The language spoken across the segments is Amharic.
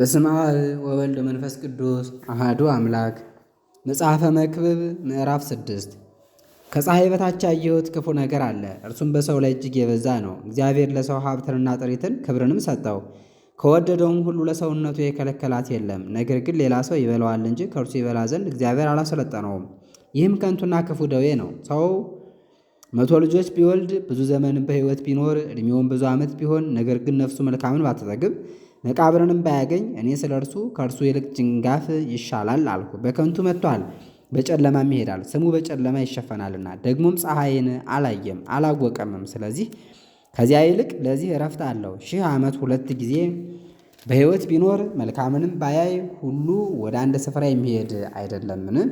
በስመ አብ ወወልድ ቅዱስ አህዱ አምላክ። መጽሐፈ መክብብ ምዕራፍ ስድስት ከፀሐይ በታች ያየሁት ክፉ ነገር አለ፣ እርሱም በሰው ላይ እጅግ የበዛ ነው። እግዚአብሔር ለሰው ሀብትንና ጥሪትን ክብርንም ሰጠው፣ ከወደደውም ሁሉ ለሰውነቱ የከለከላት የለም። ነገር ግን ሌላ ሰው ይበላዋል እንጂ ከእርሱ ይበላ ዘንድ እግዚአብሔር አላሰለጠነውም። ይህም ከንቱና ክፉ ደዌ ነው። ሰው መቶ ልጆች ቢወልድ ብዙ ዘመን በሕይወት ቢኖር ዕድሜውን ብዙ ዓመት ቢሆን ነገር ግን ነፍሱ መልካምን ባትጠግብ መቃብርንም ባያገኝ እኔ ስለ እርሱ ከእርሱ ይልቅ ጅንጋፍ ይሻላል አልኩ። በከንቱ መጥቷል፣ በጨለማም ይሄዳል፣ ስሙ በጨለማ ይሸፈናልና። ደግሞም ፀሐይን አላየም አላወቀምም። ስለዚህ ከዚያ ይልቅ ለዚህ እረፍት አለው። ሺህ ዓመት ሁለት ጊዜ በሕይወት ቢኖር መልካምንም ባያይ ሁሉ ወደ አንድ ስፍራ የሚሄድ አይደለምን?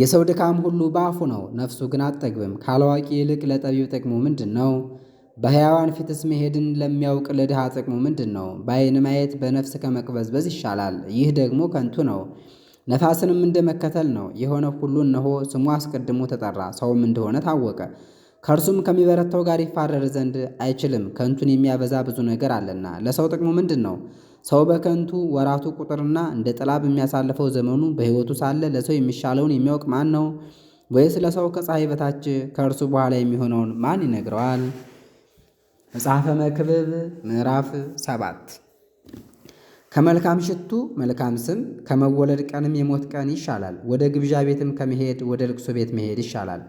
የሰው ድካም ሁሉ በአፉ ነው፣ ነፍሱ ግን አትጠግብም። ካላዋቂ ይልቅ ለጠቢው ጥቅሙ ምንድን ነው? በሕያዋን ፊትስ መሄድን ለሚያውቅ ለድሃ ጥቅሙ ምንድን ነው? በዓይን ማየት በነፍስ ከመቅበዝበዝ ይሻላል። ይህ ደግሞ ከንቱ ነው፣ ነፋስንም እንደ መከተል ነው። የሆነ ሁሉ እነሆ ስሙ አስቀድሞ ተጠራ፣ ሰውም እንደሆነ ታወቀ። ከእርሱም ከሚበረታው ጋር ይፋረር ዘንድ አይችልም። ከንቱን የሚያበዛ ብዙ ነገር አለና። ለሰው ጥቅሙ ምንድን ነው? ሰው በከንቱ ወራቱ ቁጥርና እንደ ጥላ በሚያሳልፈው ዘመኑ በሕይወቱ ሳለ ለሰው የሚሻለውን የሚያውቅ ማን ነው? ወይስ ለሰው ከፀሐይ በታች ከእርሱ በኋላ የሚሆነውን ማን ይነግረዋል? መጽሐፈ መክብብ ምዕራፍ ሰባት ከመልካም ሽቱ መልካም ስም ከመወለድ ቀንም የሞት ቀን ይሻላል። ወደ ግብዣ ቤትም ከመሄድ ወደ ልቅሶ ቤት መሄድ ይሻላል።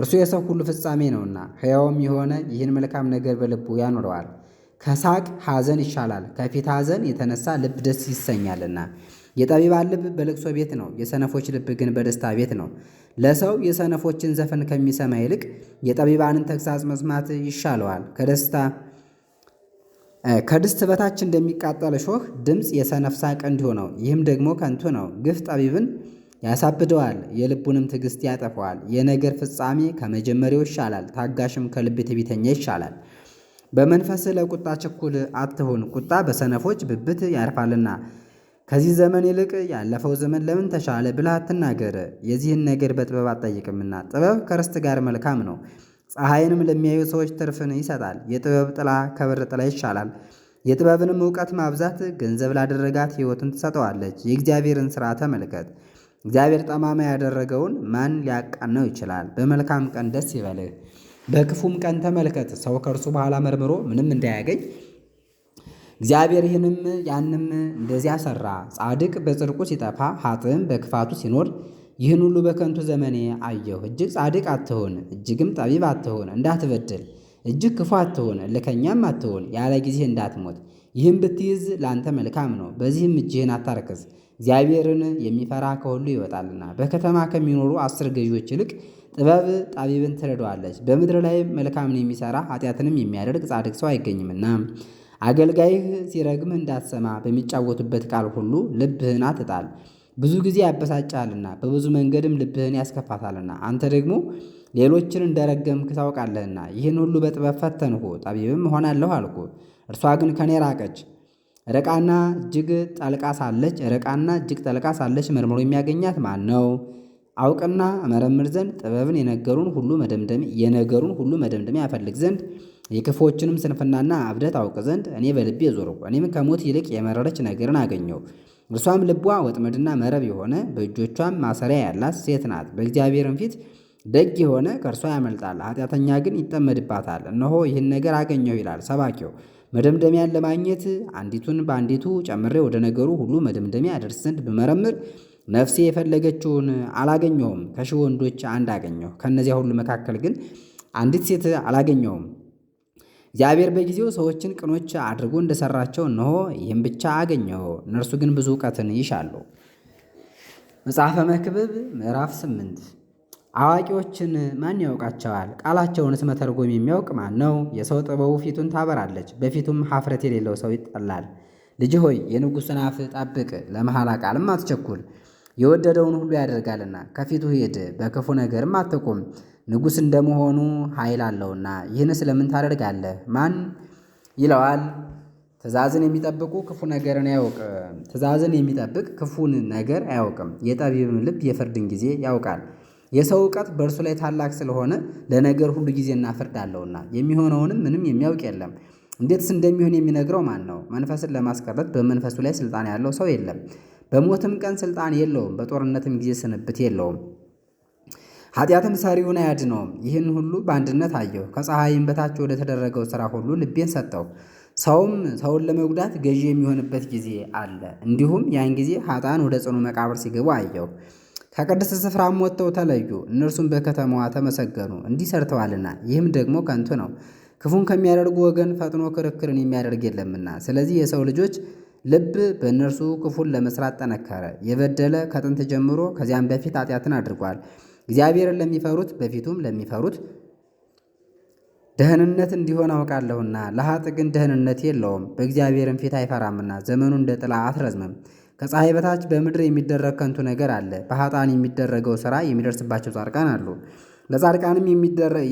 እርሱ የሰው ሁሉ ፍጻሜ ነውና ሕያውም የሆነ ይህን መልካም ነገር በልቡ ያኖረዋል። ከሳቅ ሐዘን ይሻላል፣ ከፊት ሐዘን የተነሳ ልብ ደስ ይሰኛልና። የጠቢባን ልብ በልቅሶ ቤት ነው፣ የሰነፎች ልብ ግን በደስታ ቤት ነው። ለሰው የሰነፎችን ዘፈን ከሚሰማ ይልቅ የጠቢባንን ተግሳጽ መስማት ይሻለዋል። ከደስታ ከድስት በታች እንደሚቃጠል እሾህ ድምፅ የሰነፍ ሳቅ እንዲሁ ነው። ይህም ደግሞ ከንቱ ነው። ግፍ ጠቢብን ያሳብደዋል፣ የልቡንም ትዕግስት ያጠፈዋል። የነገር ፍጻሜ ከመጀመሪያው ይሻላል፣ ታጋሽም ከልብ ትዕቢተኛ ይሻላል። በመንፈስ ለቁጣ ችኩል አትሁን፣ ቁጣ በሰነፎች ብብት ያርፋልና። ከዚህ ዘመን ይልቅ ያለፈው ዘመን ለምን ተሻለ ብለህ አትናገር። የዚህን ነገር በጥበብ አትጠይቅምና ጥበብ ከርስት ጋር መልካም ነው። ፀሐይንም ለሚያዩ ሰዎች ትርፍን ይሰጣል። የጥበብ ጥላ ከብር ጥላ ይሻላል። የጥበብንም እውቀት ማብዛት ገንዘብ ላደረጋት ሕይወትን ትሰጠዋለች። የእግዚአብሔርን ሥራ ተመልከት። እግዚአብሔር ጠማማ ያደረገውን ማን ሊያቃናው ይችላል? በመልካም ቀን ደስ ይበልህ፣ በክፉም ቀን ተመልከት። ሰው ከእርሱ በኋላ መርምሮ ምንም እንዳያገኝ እግዚአብሔር ይህንም ያንም እንደዚያ ሠራ። ጻድቅ በጽድቁ ሲጠፋ፣ ሀጥም በክፋቱ ሲኖር ይህን ሁሉ በከንቱ ዘመኔ አየሁ። እጅግ ጻድቅ አትሆን፣ እጅግም ጠቢብ አትሆን እንዳትበድል እጅግ ክፉ አትሆን እልከኛም አትሆን ያለ ጊዜ እንዳትሞት። ይህም ብትይዝ ለአንተ መልካም ነው። በዚህም እጅህን አታርክስ፣ እግዚአብሔርን የሚፈራ ከሁሉ ይወጣልና። በከተማ ከሚኖሩ አስር ገዢዎች ይልቅ ጥበብ ጠቢብን ትረዳዋለች። በምድር ላይ መልካምን የሚሰራ ኃጢአትንም የሚያደርግ ጻድቅ ሰው አይገኝምና አገልጋይህ ሲረግምህ እንዳትሰማ በሚጫወቱበት ቃል ሁሉ ልብህን አትጣል። ብዙ ጊዜ ያበሳጫልና በብዙ መንገድም ልብህን ያስከፋታልና አንተ ደግሞ ሌሎችን እንደረገምክ ታውቃለህና ይህን ሁሉ በጥበብ ፈተንሁ ጠቢብም እሆናለሁ አልኩ። እርሷ ግን ከኔ ራቀች። ርቃና እጅግ ጠልቃ ሳለች ርቃና እጅግ ጠልቃ ሳለች መርምሮ የሚያገኛት ማን ነው? አውቅና መረምር ዘንድ ጥበብን የነገሩን ሁሉ መደምደሚ የነገሩን ሁሉ መደምደሚያ ያፈልግ ዘንድ የክፉዎችንም ስንፍናና እብደት አውቅ ዘንድ እኔ በልቤ ዞርኩ። እኔም ከሞት ይልቅ የመረረች ነገርን አገኘው። እርሷም ልቧ ወጥመድና መረብ የሆነ በእጆቿም ማሰሪያ ያላት ሴት ናት። በእግዚአብሔርም ፊት ደግ የሆነ ከእርሷ ያመልጣል፣ ኃጢአተኛ ግን ይጠመድባታል። እነሆ ይህን ነገር አገኘሁ ይላል ሰባኪው። መደምደሚያን ለማግኘት አንዲቱን በአንዲቱ ጨምሬ ወደ ነገሩ ሁሉ መደምደሚያ ደርስ ዘንድ ብመረምር ነፍሴ የፈለገችውን አላገኘሁም። ከሺህ ወንዶች አንድ አገኘሁ፣ ከእነዚያ ሁሉ መካከል ግን አንዲት ሴት አላገኘሁም። እግዚአብሔር በጊዜው ሰዎችን ቅኖች አድርጎ እንደሰራቸው እነሆ ይህም ብቻ አገኘው። እነርሱ ግን ብዙ እውቀትን ይሻሉ። መጽሐፈ መክብብ ምዕራፍ ስምንት አዋቂዎችን ማን ያውቃቸዋል? ቃላቸውንስ መተርጎም የሚያውቅ ማን ነው? የሰው ጥበቡ ፊቱን ታበራለች፣ በፊቱም ሀፍረት የሌለው ሰው ይጠላል። ልጅ ሆይ የንጉሥን አፍ ጠብቅ፣ ለመሐላ ቃልም አትቸኩል። የወደደውን ሁሉ ያደርጋልና ከፊቱ ሄድ በክፉ ነገርም አትቁም። ንጉሥ እንደመሆኑ ኃይል አለውና ይህን ስለምን ታደርጋለህ? ማን ይለዋል? ትእዛዝን የሚጠብቁ ክፉ ነገርን አያውቅ ትእዛዝን የሚጠብቅ ክፉን ነገር አያውቅም። የጠቢብም ልብ የፍርድን ጊዜ ያውቃል። የሰው እውቀት በእርሱ ላይ ታላቅ ስለሆነ ለነገር ሁሉ ጊዜና ፍርድ አለውና የሚሆነውንም ምንም የሚያውቅ የለም። እንዴትስ እንደሚሆን የሚነግረው ማን ነው? መንፈስን ለማስቀረት በመንፈሱ ላይ ስልጣን ያለው ሰው የለም። በሞትም ቀን ስልጣን የለውም፣ በጦርነትም ጊዜ ስንብት የለውም። ኃጢአትም ሰሪውን አያድነውም። ይህን ሁሉ በአንድነት አየሁ። ከፀሐይም በታች ወደ ተደረገው ሥራ ሁሉ ልቤን ሰጠው። ሰውም ሰውን ለመጉዳት ገዢ የሚሆንበት ጊዜ አለ። እንዲሁም ያን ጊዜ ሀጣን ወደ ጽኑ መቃብር ሲገቡ አየሁ። ከቅድስት ስፍራም ወጥተው ተለዩ። እነርሱም በከተማዋ ተመሰገኑ፣ እንዲህ ሰርተዋልና፣ ይህም ደግሞ ከንቱ ነው። ክፉን ከሚያደርጉ ወገን ፈጥኖ ክርክርን የሚያደርግ የለምና። ስለዚህ የሰው ልጆች ልብ በእነርሱ ክፉን ለመስራት ጠነከረ። የበደለ ከጥንት ጀምሮ ከዚያም በፊት ኃጢአትን አድርጓል። እግዚአብሔርን ለሚፈሩት በፊቱም ለሚፈሩት ደህንነት እንዲሆን አውቃለሁና፣ ለሀጥ ግን ደህንነት የለውም፣ በእግዚአብሔርም ፊት አይፈራምና ዘመኑ እንደ ጥላ አትረዝምም። ከፀሐይ በታች በምድር የሚደረግ ከንቱ ነገር አለ። በኃጣን የሚደረገው ስራ የሚደርስባቸው ጻድቃን አሉ። ለጻድቃንም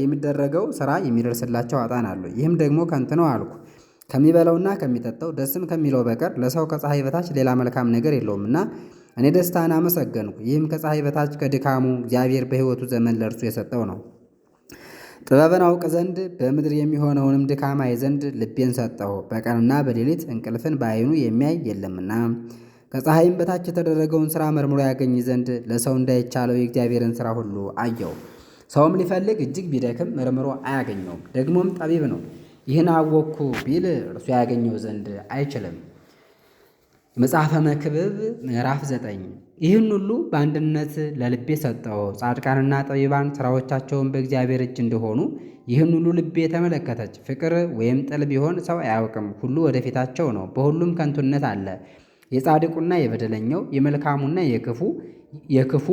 የሚደረገው ስራ የሚደርስላቸው አጣን አሉ። ይህም ደግሞ ከንቱ ነው አልኩ። ከሚበላውና ከሚጠጣው ደስም ከሚለው በቀር ለሰው ከፀሐይ በታች ሌላ መልካም ነገር የለውምና እኔ ደስታን አመሰገንኩ። ይህም ከፀሐይ በታች ከድካሙ እግዚአብሔር በሕይወቱ ዘመን ለእርሱ የሰጠው ነው። ጥበብን አውቅ ዘንድ በምድር የሚሆነውንም ድካም አይ ዘንድ ልቤን ሰጠው። በቀንና በሌሊት እንቅልፍን በዓይኑ የሚያይ የለምና ከፀሐይም በታች የተደረገውን ሥራ መርምሮ ያገኝ ዘንድ ለሰው እንዳይቻለው የእግዚአብሔርን ሥራ ሁሉ አየው። ሰውም ሊፈልግ እጅግ ቢደክም መርምሮ አያገኘውም። ደግሞም ጠቢብ ነው። ይህን አወቅኩ ቢል እርሱ ያገኘው ዘንድ አይችልም። መጽሐፈ መክብብ ምዕራፍ ዘጠኝ ይህን ሁሉ በአንድነት ለልቤ ሰጠው። ጻድቃንና ጠቢባን ሥራዎቻቸውን በእግዚአብሔር እጅ እንደሆኑ ይህን ሁሉ ልቤ ተመለከተች። ፍቅር ወይም ጥል ቢሆን ሰው አያውቅም፣ ሁሉ ወደፊታቸው ነው። በሁሉም ከንቱነት አለ። የጻድቁና የበደለኛው፣ የመልካሙና የክፉ የክፉ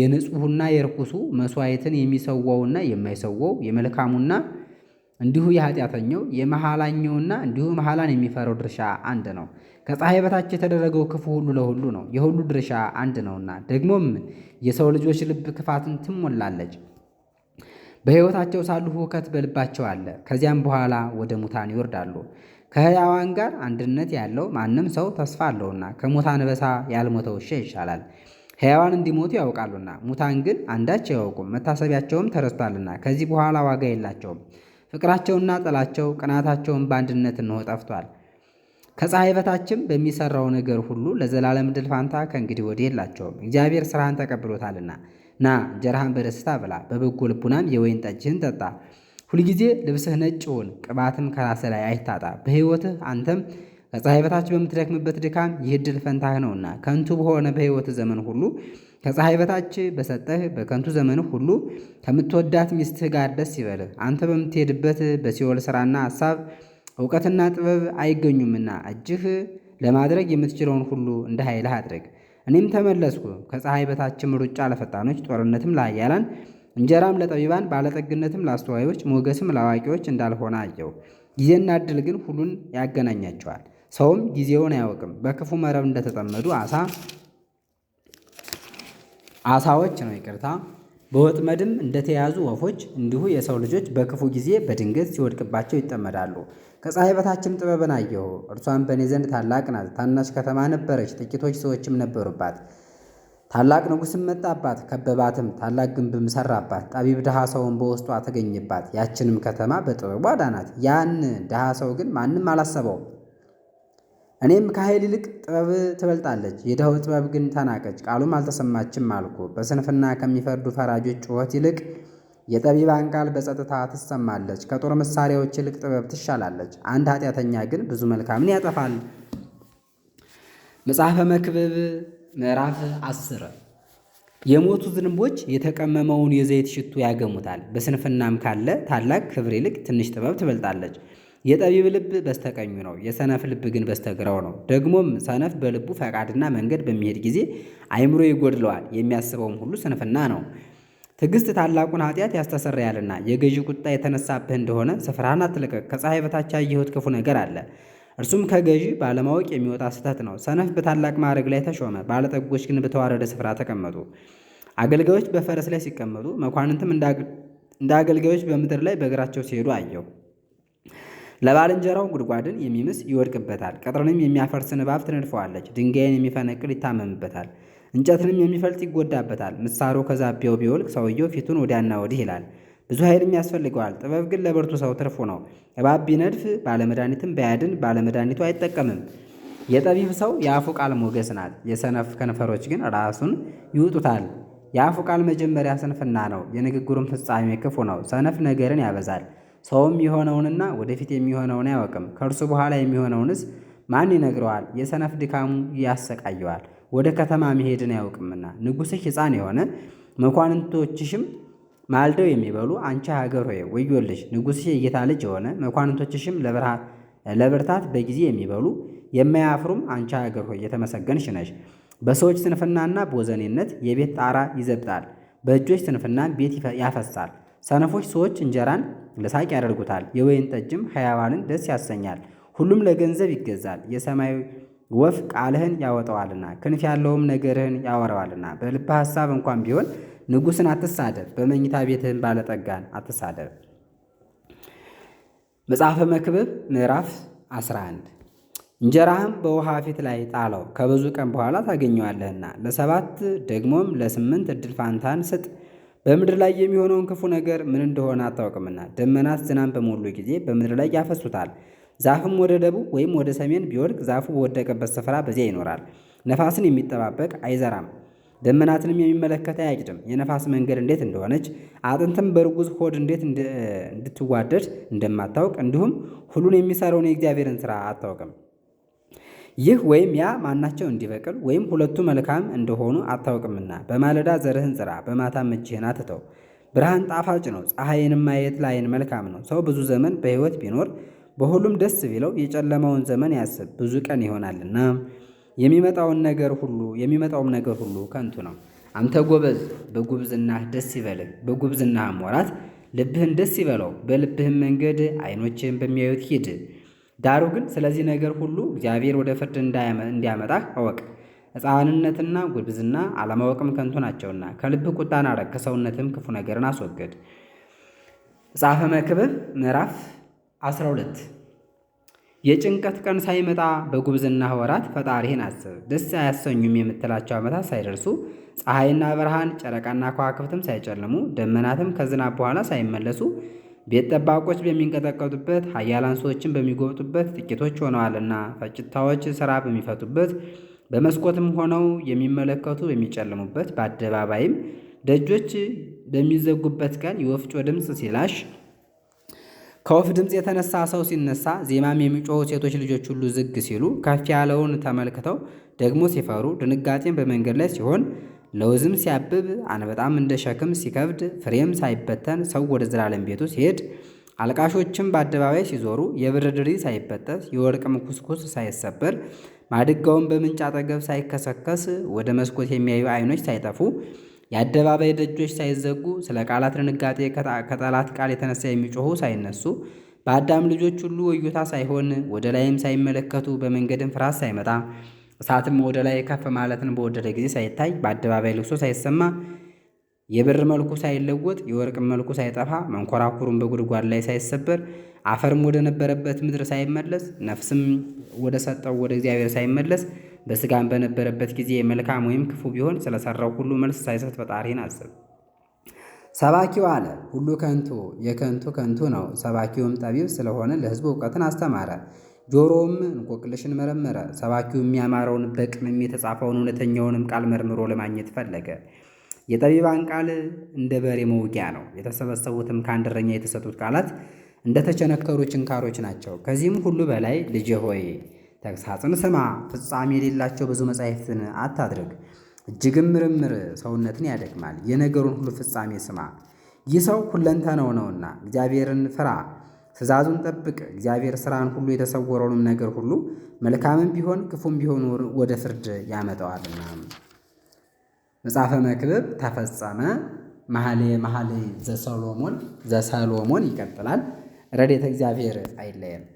የንጹሑና የርኩሱ፣ መሥዋዕትን የሚሰዋውና የማይሰዋው፣ የመልካሙና እንዲሁ የኃጢአተኛው፣ የመሃላኛውና እንዲሁ መሃላን የሚፈረው ድርሻ አንድ ነው። ከፀሐይ በታች የተደረገው ክፉ ሁሉ ለሁሉ ነው፣ የሁሉ ድርሻ አንድ ነውና። ደግሞም የሰው ልጆች ልብ ክፋትን ትሞላለች። በሕይወታቸው ሳሉ ሁከት በልባቸው አለ። ከዚያም በኋላ ወደ ሙታን ይወርዳሉ። ከሕያዋን ጋር አንድነት ያለው ማንም ሰው ተስፋ አለውና ከሙት አንበሳ ያልሞተ ውሻ ይሻላል። ሕያዋን እንዲሞቱ ያውቃሉና ሙታን ግን አንዳች አያውቁም። መታሰቢያቸውም ተረስቷልና ከዚህ በኋላ ዋጋ የላቸውም። ፍቅራቸውና ጥላቸው፣ ቅናታቸውን በአንድነት እንሆ ጠፍቷል። ከፀሐይ በታችም በሚሰራው ነገር ሁሉ ለዘላለም ድል ፋንታ ከእንግዲህ ወዲህ የላቸውም። እግዚአብሔር ስራህን ተቀብሎታልና ና እንጀራህን በደስታ ብላ፣ በበጎ ልቡናም የወይን ጠጅህን ጠጣ። ሁልጊዜ ልብስህ ነጭ ሁን፣ ቅባትም ከራስ ላይ አይታጣ። በሕይወትህ አንተም ከፀሐይ በታች በምትደክምበት ድካም ይህ ድል ፈንታህ ነውና ከንቱ በሆነ በሕይወትህ ዘመን ሁሉ ከፀሐይ በታች በሰጠህ በከንቱ ዘመን ሁሉ ከምትወዳት ሚስትህ ጋር ደስ ይበልህ። አንተ በምትሄድበት በሲኦል ሥራና ሐሳብ እውቀትና ጥበብ አይገኙምና እጅህ ለማድረግ የምትችለውን ሁሉ እንደ ኃይልህ አድርግ። እኔም ተመለስኩ። ከፀሐይ በታችም ሩጫ ለፈጣኖች፣ ጦርነትም ለኃያላን፣ እንጀራም ለጠቢባን፣ ባለጠግነትም ለአስተዋዮች፣ ሞገስም ለአዋቂዎች እንዳልሆነ አየሁ። ጊዜና እድል ግን ሁሉን ያገናኛቸዋል። ሰውም ጊዜውን አያውቅም። በክፉ መረብ እንደተጠመዱ አሳ አሳዎች ነው ይቅርታ በወጥመድም እንደተያዙ ወፎች እንዲሁ የሰው ልጆች በክፉ ጊዜ በድንገት ሲወድቅባቸው ይጠመዳሉ። ከፀሐይ በታችም ጥበብን አየሁ። እርሷን በእኔ ዘንድ ታላቅ ናት። ታናሽ ከተማ ነበረች፣ ጥቂቶች ሰዎችም ነበሩባት። ታላቅ ንጉሥም መጣባት፣ ከበባትም፣ ታላቅ ግንብም ሰራባት። ጠቢብ ድሃ ሰውን በውስጧ አተገኝባት፣ ያችንም ከተማ በጥበቡ አዳናት። ያን ድሃ ሰው ግን ማንም አላሰበውም። እኔም ከኃይል ይልቅ ጥበብ ትበልጣለች፣ የድሃው ጥበብ ግን ተናቀች፣ ቃሉም አልተሰማችም አልኩ። በስንፍና ከሚፈርዱ ፈራጆች ጩኸት ይልቅ የጠቢባን ቃል በጸጥታ ትሰማለች፣ ከጦር መሳሪያዎች ይልቅ ጥበብ ትሻላለች። አንድ ኃጢአተኛ ግን ብዙ መልካምን ያጠፋል። መጽሐፈ መክብብ ምዕራፍ አስር የሞቱ ዝንቦች የተቀመመውን የዘይት ሽቱ ያገሙታል። በስንፍናም ካለ ታላቅ ክብር ይልቅ ትንሽ ጥበብ ትበልጣለች። የጠቢብ ልብ በስተቀኙ ነው፣ የሰነፍ ልብ ግን በስተግራው ነው። ደግሞም ሰነፍ በልቡ ፈቃድና መንገድ በሚሄድ ጊዜ አይምሮ ይጎድለዋል፣ የሚያስበውም ሁሉ ስንፍና ነው። ትግስት ታላቁን ኃጢአት ያስተሰርያልና የገዢው ቁጣ የተነሳብህ እንደሆነ ስፍራህን አትልቀቅ። ከፀሐይ በታች ያየሁት ክፉ ነገር አለ፣ እርሱም ከገዢ ባለማወቅ የሚወጣ ስህተት ነው። ሰነፍ በታላቅ ማዕረግ ላይ ተሾመ፣ ባለጠጎች ግን በተዋረደ ስፍራ ተቀመጡ። አገልጋዮች በፈረስ ላይ ሲቀመጡ፣ መኳንንትም እንደ አገልጋዮች በምድር ላይ በእግራቸው ሲሄዱ አየሁ። ለባልንጀራው ጉድጓድን የሚምስ ይወድቅበታል፣ ቅጥርንም የሚያፈርስ ንባብ ትነድፈዋለች። ድንጋይን የሚፈነቅል ይታመምበታል። እንጨትንም የሚፈልጥ ይጎዳበታል። ምሳሩ ከዛቢያው ቢወልቅ ሰውየው ፊቱን ወዲያና ወዲህ ይላል። ብዙ ኃይልም ያስፈልገዋል። ጥበብ ግን ለብርቱ ሰው ትርፉ ነው። እባብ ቢነድፍ ባለመድኃኒትም ባያድን ባለመድኃኒቱ አይጠቀምም። የጠቢብ ሰው የአፉ ቃል ሞገስ ናት፣ የሰነፍ ከንፈሮች ግን ራሱን ይውጡታል። የአፉ ቃል መጀመሪያ ስንፍና ነው፣ የንግግሩም ፍጻሜ ክፉ ነው። ሰነፍ ነገርን ያበዛል፣ ሰውም የሆነውንና ወደፊት የሚሆነውን አያውቅም። ከእርሱ በኋላ የሚሆነውንስ ማን ይነግረዋል? የሰነፍ ድካሙ ያሰቃየዋል። ወደ ከተማ መሄድን አያውቅምና ንጉሥሽ ሕፃን የሆነ መኳንንቶችሽም ማልደው የሚበሉ አንቺ ሀገር ሆይ ወዮልሽ። ንጉሥሽ የጌታ ልጅ የሆነ መኳንንቶችሽም ለብርታት በጊዜ የሚበሉ የማያፍሩም አንቺ ሀገር ሆይ የተመሰገንሽ ነሽ። በሰዎች ስንፍናና ቦዘኔነት የቤት ጣራ ይዘብጣል፣ በእጆች ስንፍና ቤት ያፈሳል። ሰነፎች ሰዎች እንጀራን ለሳቅ ያደርጉታል፣ የወይን ጠጅም ሕያዋንን ደስ ያሰኛል። ሁሉም ለገንዘብ ይገዛል የሰማዩ ወፍ ቃልህን ያወጣዋልና ክንፍ ያለውም ነገርህን ያወረዋልና በልብ ሐሳብ እንኳን ቢሆን ንጉሥን አትሳደብ፣ በመኝታ ቤትህን ባለጠጋን አትሳደብ። መጽሐፈ መክብብ ምዕራፍ 11 እንጀራህም በውሃ ፊት ላይ ጣለው፣ ከብዙ ቀን በኋላ ታገኘዋለህና። ለሰባት ደግሞም ለስምንት እድል ፋንታን ስጥ። በምድር ላይ የሚሆነውን ክፉ ነገር ምን እንደሆነ አታውቅምና። ደመናት ዝናም በሞሉ ጊዜ በምድር ላይ ያፈሱታል። ዛፍም ወደ ደቡብ ወይም ወደ ሰሜን ቢወድቅ ዛፉ በወደቀበት ስፍራ በዚያ ይኖራል። ነፋስን የሚጠባበቅ አይዘራም፣ ደመናትንም የሚመለከት አያጭድም። የነፋስ መንገድ እንዴት እንደሆነች አጥንትም በርጉዝ ሆድ እንዴት እንድትዋደድ እንደማታውቅ እንዲሁም ሁሉን የሚሰራውን የእግዚአብሔርን ስራ አታውቅም። ይህ ወይም ያ ማናቸው እንዲበቅል ወይም ሁለቱ መልካም እንደሆኑ አታውቅምና። በማለዳ ዘርህን ዝራ፣ በማታም እጅህን አትተው። ብርሃን ጣፋጭ ነው፣ ፀሐይንም ማየት ለዓይን መልካም ነው። ሰው ብዙ ዘመን በሕይወት ቢኖር በሁሉም ደስ ቢለው የጨለማውን ዘመን ያስብ ብዙ ቀን ይሆናልና የሚመጣውን ነገር ሁሉ የሚመጣውም ነገር ሁሉ ከንቱ ነው። አንተ ጎበዝ በጉብዝናህ ደስ ይበልህ፣ በጉብዝናህም ወራት ልብህን ደስ ይበለው፣ በልብህም መንገድ ዓይኖችህን በሚያዩት ሂድ። ዳሩ ግን ስለዚህ ነገር ሁሉ እግዚአብሔር ወደ ፍርድ እንዲያመጣህ አወቅ ሕፃንነትና ጉብዝና አለማወቅም ከንቱ ናቸውና ከልብህ ቁጣን አረቅ፣ ከሰውነትም ክፉ ነገርን አስወግድ። መጽሐፈ መክብብ ምዕራፍ 12 የጭንቀት ቀን ሳይመጣ በጉብዝና ወራት ፈጣሪህን አስብ። ደስ አያሰኙም የምትላቸው ዓመታት ሳይደርሱ ፀሐይና ብርሃን፣ ጨረቃና ከዋክብትም ሳይጨልሙ፣ ደመናትም ከዝናብ በኋላ ሳይመለሱ፣ ቤት ጠባቆች በሚንቀጠቀጡበት፣ ኃያላን ሰዎችን በሚጎብጡበት፣ ጥቂቶች ሆነዋልና ፈጭታዎች ሥራ በሚፈቱበት፣ በመስኮትም ሆነው የሚመለከቱ በሚጨልሙበት፣ በአደባባይም ደጆች በሚዘጉበት ቀን የወፍጮ ድምፅ ሲላሽ ከወፍ ድምፅ የተነሳ ሰው ሲነሳ ዜማም የሚጮሁ ሴቶች ልጆች ሁሉ ዝግ ሲሉ ከፍ ያለውን ተመልክተው ደግሞ ሲፈሩ ድንጋጤም በመንገድ ላይ ሲሆን ለውዝም ሲያብብ አንበጣም እንደ ሸክም ሲከብድ ፍሬም ሳይበተን ሰው ወደ ዘላለም ቤቱ ሲሄድ አልቃሾችም በአደባባይ ሲዞሩ የብር ድሪ ሳይበጠስ የወርቅም ኩስኩስ ሳይሰበር ማድጋውን በምንጭ አጠገብ ሳይከሰከስ ወደ መስኮት የሚያዩ አይኖች ሳይጠፉ የአደባባይ ደጆች ሳይዘጉ ስለ ቃላት ድንጋጤ ከጠላት ቃል የተነሳ የሚጮሁ ሳይነሱ በአዳም ልጆች ሁሉ ወዮታ ሳይሆን ወደ ላይም ሳይመለከቱ በመንገድም ፍርሃት ሳይመጣ እሳትም ወደ ላይ ከፍ ማለትን በወደደ ጊዜ ሳይታይ በአደባባይ ልቅሶ ሳይሰማ የብር መልኩ ሳይለወጥ የወርቅ መልኩ ሳይጠፋ መንኮራኩሩም በጉድጓድ ላይ ሳይሰበር አፈርም ወደ ነበረበት ምድር ሳይመለስ ነፍስም ወደ ሰጠው ወደ እግዚአብሔር ሳይመለስ በስጋም በነበረበት ጊዜ መልካም ወይም ክፉ ቢሆን ስለሰራው ሁሉ መልስ ሳይሰጥ ፈጣሪን አስብ። ሰባኪው አለ ሁሉ ከንቱ የከንቱ ከንቱ ነው። ሰባኪውም ጠቢብ ስለሆነ ለሕዝቡ እውቀትን አስተማረ። ጆሮውም እንቆቅልሽን መረመረ። ሰባኪው የሚያማረውን በቅምም የተጻፈውን እውነተኛውንም ቃል መርምሮ ለማግኘት ፈለገ። የጠቢባን ቃል እንደ በሬ መውጊያ ነው። የተሰበሰቡትም ከአንድ እረኛ የተሰጡት ቃላት እንደተቸነከሩ ችንካሮች ናቸው። ከዚህም ሁሉ በላይ ልጄ ሆይ ተግሳጽን ስማ፣ ፍጻሜ የሌላቸው ብዙ መጻሕፍትን አታድርግ። እጅግም ምርምር ሰውነትን ያደክማል። የነገሩን ሁሉ ፍጻሜ ስማ፣ ይህ ሰው ሁለንተናው ነውና። እግዚአብሔርን ፍራ፣ ትእዛዙን ጠብቅ። እግዚአብሔር ሥራን ሁሉ የተሰወረውንም ነገር ሁሉ መልካምም ቢሆን ክፉም ቢሆን ወደ ፍርድ ያመጣዋልና። መጽሐፈ መክብብ ተፈጸመ። መኃልየ መኃልይ ዘሰሎሞን ዘሰሎሞን ይቀጥላል። ረድኤተ እግዚአብሔር አይለየም።